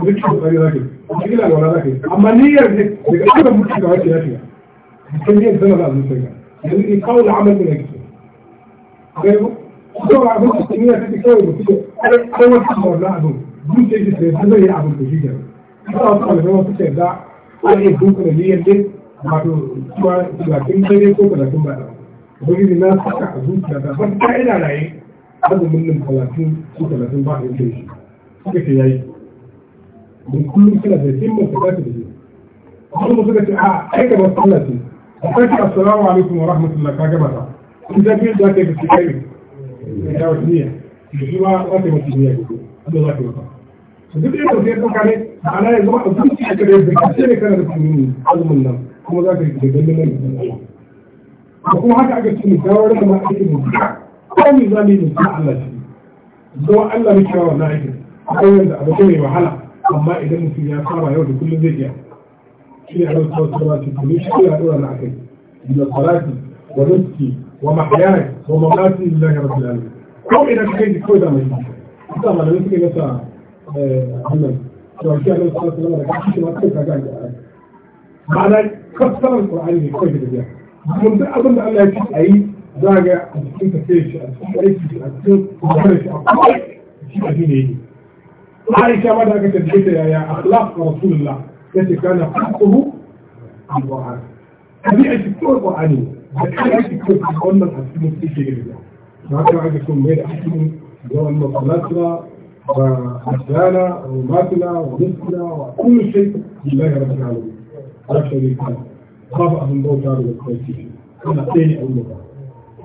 cikin da ka a cikin da amma niyyar ne daga cikin mutum da ya shiga cikin da يقاول العمل بنجسه فاهمه؟ طبعا بس التنمية تتكون في أول حمر لعبه دون تجلس ليسمى يلعب البجيجة فأنا أطلع لما تتبع أنا يدوك إيه اللي يلي بعده سواء لكن ما يكون لكن بقى بجيب الناس تقع دوك لكن بس تعيد على إيه هذا من 30 36 بعد الجيش كيف يعني من كل سنة 30 من 30 كل سنة اه حاجة بس 30 Kwanci assalamu alaikum wa rahmatullah ka gabata. Kun za ta yi da Ya wata niyya. Da za ta yi wata niyya gudu. Allah za ta yi wata. Duk da yadda sai ne ma'ana ya zama a zuciya da yadda ka ce ne kana da azumin kuma za ka yi da nan da Da kuma haka aka ce da ma ake za Allah shi. Zuwa Allah kira Akwai ne mai wahala amma idan mutum ya saba yau da kullum zai iya. شيء عليه الصلاة والسلام تقول شيء أقول أنا أحب إن صلاتي ونسكي ومحياي ومماتي لله رب العالمين كم إذا كنت كويدا ما يجب أنت ما لم يمكن يسا عمل لو شيء عليه الصلاة والسلام لك عشي ما تكون كذا معنى كسر القرآن كويدا بيها من أظن أن لا يجب أي ذاك أنت تفيش أنت تفيش أنت تفيش أنت تفيش عائشة ماذا كتبت يا أخلاق رسول الله التي كان حقه الوعاء طبيعة التوبة وعانية بطبيعة التوبة قلنا الأسلم في الدكتور ما كان عايز يكون غير أسلم لو أنه صلاتنا وأسلانا وماتنا ورزقنا وكل شيء لله رب العالمين لا شريك له خاف أن الله تعالى والكويتين أنا أتاني أول مرة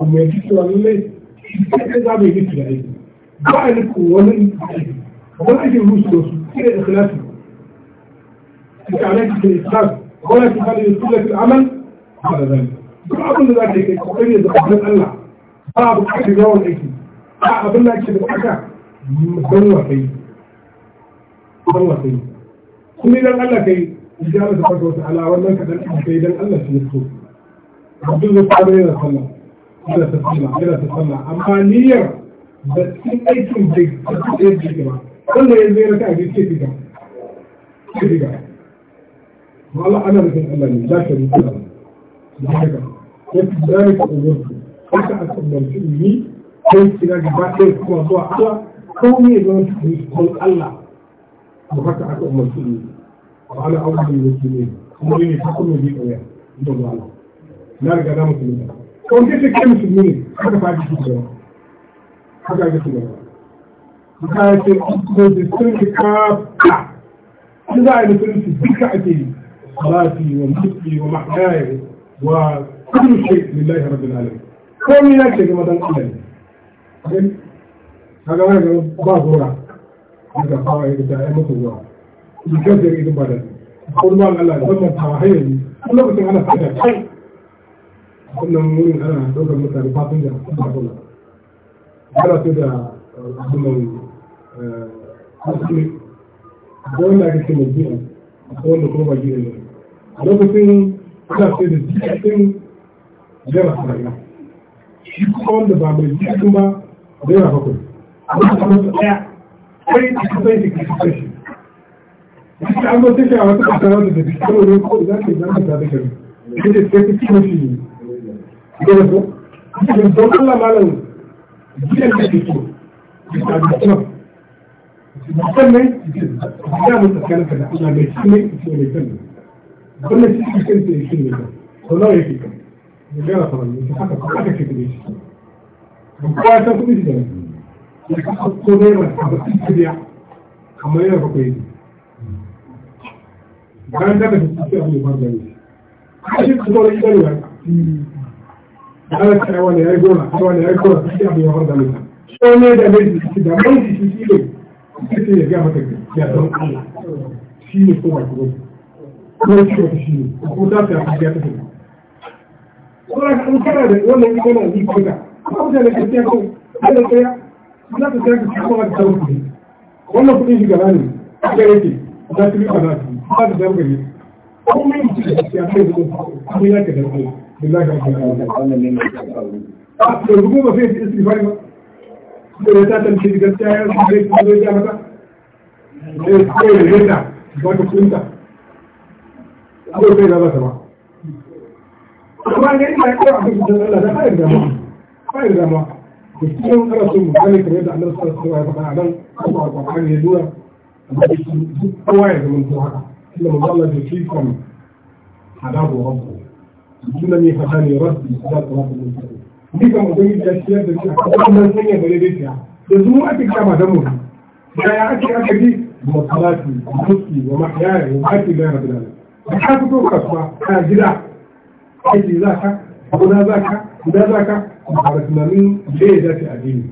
وما يجيش على الله إذا ما يجيش لعيد بعد كل ولا يجيش ولا يجيش كده إخلاصي عليك في الإسلام ولا تخلي يدخل في العمل على ذلك duk abin za ka yi kai ne da ƙarfin ba a buƙatar yawan aiki ba abin da ake buƙata don wa kai don wa kai kuma idan Allah kai ya Allah tabbata wa ta'ala wannan ka dan kai dan Allah shi so abin da fara yana sallah yana ta yana ta sallah amma niyyar da cikin aikin da ya ke ba wanda yanzu ya raka a gaske fita fita wala ana nufin Allah ne za ka yi kula da haka ya fi zari ka umarku haka a tsammanci ilmi sai kira gaba ɗaya kuma zuwa Allah ko ne zama ta yi Allah ko haka a tsammanci ilmi ba ana aure ne da ke ne kuma ne ta kuma da wala na riga na musulmi ba ko ne ta kai musulmi ne haka fa ji su da haka ga su da haka ce ko da sun ka ka a yi musulunci duka ake yi صلاتي ومسكي ومحياي وكل شيء لله رب العالمين كل ذلك كما تنقل هذا هذا باغورا هذا قائد دائما هو يكثر إذا بدل قربان الله لما تعاهيني كل وقت أنا فتح كنا نقول أنا دوك مثلا باطن جا باطن أنا تدا أقول أقول أقول لك كلمة دين أقول لك كلمة دين a lokacin ana sai da jikin naira saba'in shi kuma wanda ba mai jikin ba naira bakwai amma kamar su ɗaya kai da ka shi ka san shi Wata an zai shi a wata ƙasa wata da jikin wani ko za ka yi zama ta da gari. ce ta fi shi ne da so. Ita don Allah malam gidan da ke so. Ita da kuma. Sannan, ita da mutum kanan ka da Allah mai shi ne ita mai sannan. gwamnati cikin kanta ya shirya to nawa yake gara ta haka ko ce shi ba ta kudi da ya kasa ko naira a bakin da kamar yana ta da ne shi ta wani ya yi wani ya a ne da da shi ne ya ce mata ya Allah shi ne kowa ki gudu kuma da shi ne ko za ka yi ya kashe ne ko za ka kana da wannan ita na da ne wannan kuɗin shi ka za su yi za su ba da damar ko mai mutum da ya kai zuwa kuma ya ka da ka ga wannan ne a to rubuwa ba ba ko ya ta tantace gaskiya ya sai ko ya mata ko ya rita ba ka kunta akwai kai da masa ba amma ne ina kira abin da Allah da kai da ma kai da ma da cikin karatun mu kai kamar da Allah sallallahu alaihi wasallam ya faɗa nan kuma alƙur'ani ya nuna amma duk kowa ya zama to haka inda manzo Allah ya ce kan hadabu rabbu sunan ne fata ne rabbi da ta rabbi ni kan ubangiji ya ciyar da shi a wannan sanya bare dai ta yanzu mu ake kama da mu yaya ake aka ji wa salati wa nuski wa mahyaya wa mati da rabbil alamin da ka fito kasuwa kana gida. aiki za ka guda za ka guda za ka ba tunanin da ya dace addini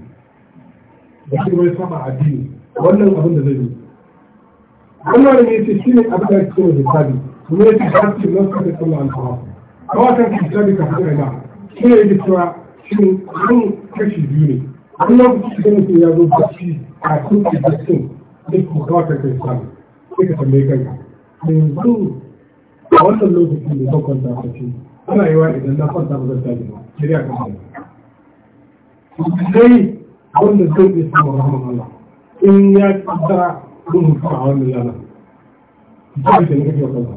da shi mai saba addini wannan abin da zai yi wannan ne ce shi ne abin da ake cewa hisabi kuma yake shafi nan suka tsalla alfawa kawai kan hisabi ka fito ina shi ne yake cewa shi ne kan kashi biyu ne wannan kusa shi ne ya zo bacci a cikin da ke kawai kan hisabi sai ka tambaye kanka yanzu a wannan lokacin da ka kwanta ka ce ana yi wa idan na kwanta ba zan tashi ba shirya ka ba sai wanda zai iya samun rahman Allah in ya kaddara mun mutu a wannan yana zai ta nake kwanta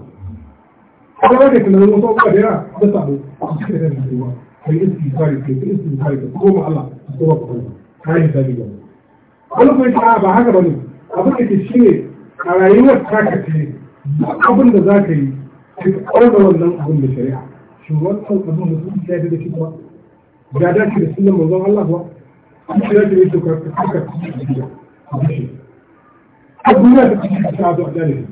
kuma da kuma mun so ka dira da sabo a cikin da ne ba kai istighfari kai istighfari ka koma Allah ko ba ka kai ta biya wani kuma ba haka ba bane abin da ke shine a rayuwar taka ce duk abin da za ka yi sai ka ƙaura wannan abin da shari'a shi wannan abin musulunci ya da shi kuma ya dace da sunan manzon Allah ba an shi yake yake ka ka ka shi abubuwa da kike ta zo da ne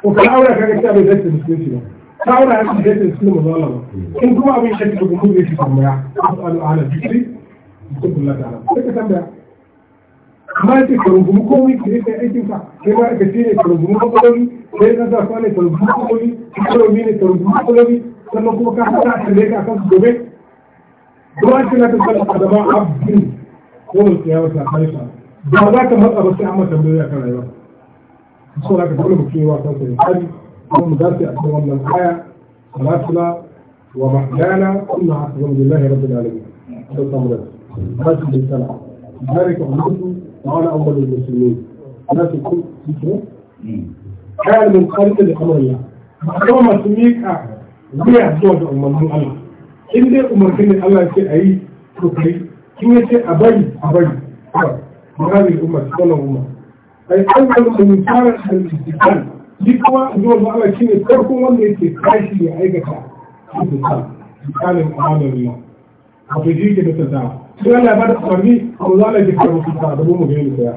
ko ka aura kaga ta bai dace musulunci ba ka aura ya ce dace sunan manzon Allah ba in kuma abin shi da gumu ne shi kuma ya alu ala dikri kullu ta'ala sai ka yi aikin sai na zafi ne turbukulobi kalomi ne turbukulobi sannan kuma ka hada a kalle ka kan gobe don shi na tattala a gaban abin kowace kiyama ta harsha ba za ka matsa ba sai an mata mai akan rayuwa so na ka dole mutum yi wasan sai hali kuma mu dace a cikin wannan aya salatuna wa mahyana kunna alhamdulillahi rabbil alamin sai samu da bashi da sala barika wa mutu wa ala awwalil muslimin na su kun su kayan min kwanci da amurya ba kuma masu miƙa wuya zuwa ga umarnin Allah in dai umarnin Allah ce a yi to kai in ya ce a bari a bari magana da umar sallan umar ai an kalma min fara al-istiqan shi kuma zuwa ga Allah shine farkon wanda yake kashi ya aikata al-istiqan kalin amalin Allah a fiji ke da ta. sai Allah ya bada umarni Allah ya ji karbu da mu ga yin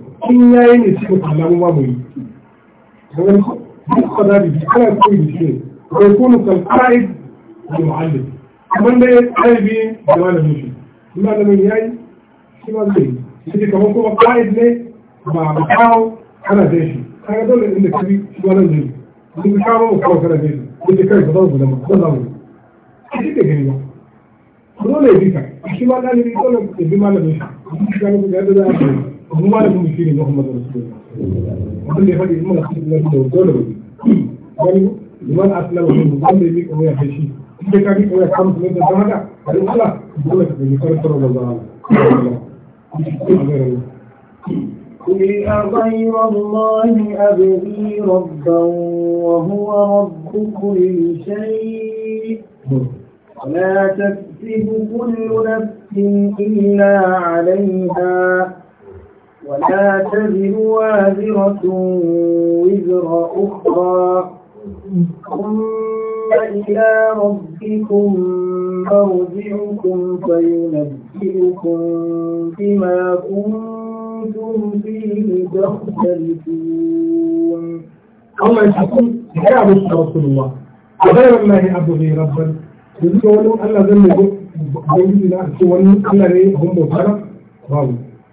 in ya yi ne cikin alamu ma mu yi domin duk kwana bi shi ana koyi da shi ko kunu kan ƙa'id da mu'allim kuma da ya ɗalibi da malamin shi in malamin ya yi shi ma zai yi shi kamar kuma ƙa'id ne ba ba kawo kana zai shi kaga dole inda kiri shi ma nan zai yi ka kawo ba kawo kana zai shi ko ce kai ba za mu zama ko za mu yi shi ke gani ba dole ya bi ka shi ma ɗalibi dole ya bi malamin shi shi ka ga da za da yi هم ما لهم محمد رسول الله وكل يفعل إما لحسن الله كده وكله قالوا لمن أسلم من ظل يميك ويا حيشي إذا كان يميك ويا خمس من الزهدة قالوا الله يقول لك من يقال صلى الله عليه وسلم قل أغير الله أبغي ربا وهو رب كل شيء ولا تكسب كل نفس إلا عليها لا تزر وازرة وزر أخرى ثم إلى ربكم مرجعكم فينبئكم بما كنتم فيه تختلفون الله يشكرك يا رسول الله أغير الله أبغي ربا يقولوا ألا ذنبه بولينا سوى ألا هم مبارك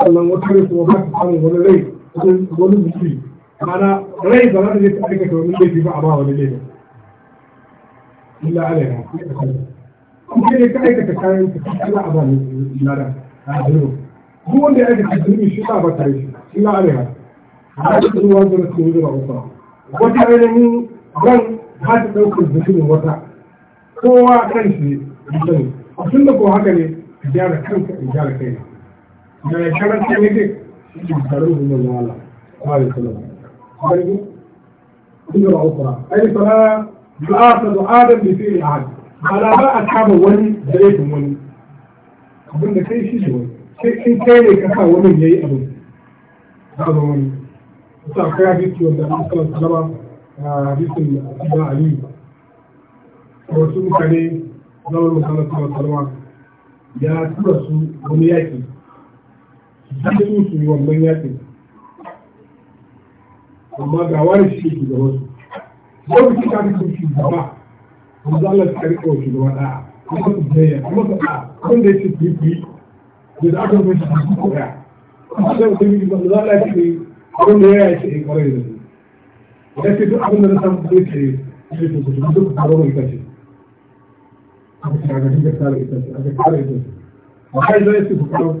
sannan wata rai kuma ba ta samun wani rai wani biki mana rai ba za ta je ta aikata wani laifi ba a ba wani laifi illa alaiha kuma ne ka aikata kayan ka kala a ba ne lada a zuwa duk wanda ya aikata zunubi shi ba ta yi illa alaiha a cikin ruwa zuwa cikin zuwa uku wata ainihin ran ba ta ɗaukar zunubin wata kowa kan shi sani tun da ko haka ne ka gyara kanka in gyara kai. mai karanta yake shi karin zuwa da Allah kawai sallama kawai kuma ukra ai sala yu'akhadhu adam bi fi'li ahad ala ba asaba wani da yake wani abin da kai shi ne wani sai kin kai ne ka sa wani yayi abu ba ba wani sa kai hadisi wanda Allah sallallahu alaihi wasallam hadisin da Ali wasu mutane zaune musamman sallallahu alaihi wasallam ya tura su wani yaki da su su yi wannan yakin amma ga wani shi ke gaban su lokacin da aka sun shugaba wanda Allah ta rika wa shugaba da'a kuma su biyayya kuma su da'a wanda ya ce su yi su yi da zai shi su koya kuma sai mutum yi zama za a ce abin eh, da ya yi ce in kwarai da su ya ce duk abin da na samu zai ce zai ce su su su karo mai itace aka ce aka dinga kare ya aka kare itace ya kai zai ce ya karo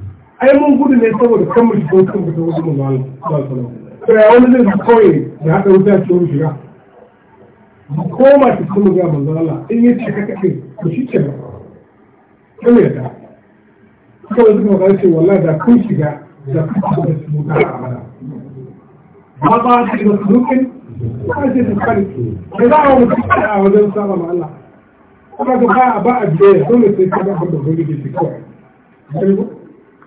ai mun gudu ne saboda kammar mu kuma kan mu saboda mu mal to ya wani zai kawai da hada wuta ce mu shiga mu koma ta kuma ga manzon Allah in yi ce ka din to shi ce ba kan ya da kawai kuma ga ce wala da kun shiga da kun shiga da mu ga amana ba ba kuma kuma kuma ba kuma kuma kuma kuma za a kuma a wajen kuma ma Allah kuma ga ba a ba a kuma kuma sai ka ba da kuma ke kawai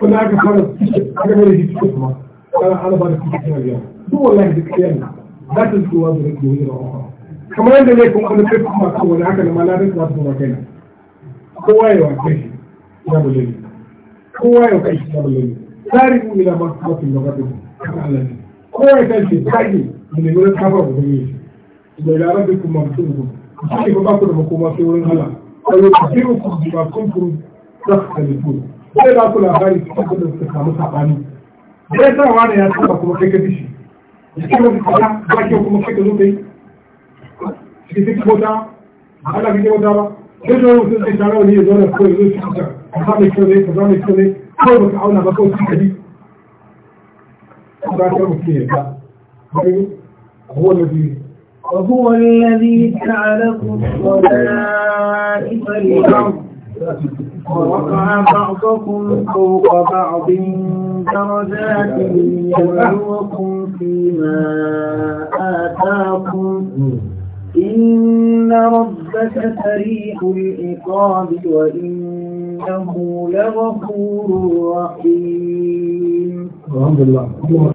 wanda aka fara tiket aka fara tiket kuma ana ana fara tiket na biya duk wallahi duk kiyan na za ta zuwa da rage wani da kamar yadda zai kuma wani kai kuma kan wani haka da malarin kuma su kuma kaina kowa ya wa kai ya bulani kowa ya kai ya bulani tarihu ila ma kuma tun da kuma Allah ne kowa ya kai shi tarihi da ne wani kafa da gani da yaran kuma mutum ku shi ba ku da makoma sai wurin Allah Allah ku ku ba kun ku da ku sai ba ku labari su kuma da suka samu sabani da ya sa da ya taɓa kuma kai ka bishi da ke wani kasa ba ke kuma kai ka zo kai shi ke kota a ala ke kota ba sai zo wasu sai tara wani ya zo na kawai zo shi kusa kaza mai kyau ne kaza mai kyau ne kawai ba ka auna ba kawai su ka bi ba ta mutum ya ta هو الذي وهو الذي جعلكم خلائف الأرض ووقع بعضكم فوق بعض درجات ليبلوكم فيما آتاكم إن ربك سريع العقاب وإنه لغفور رحيم الحمد لله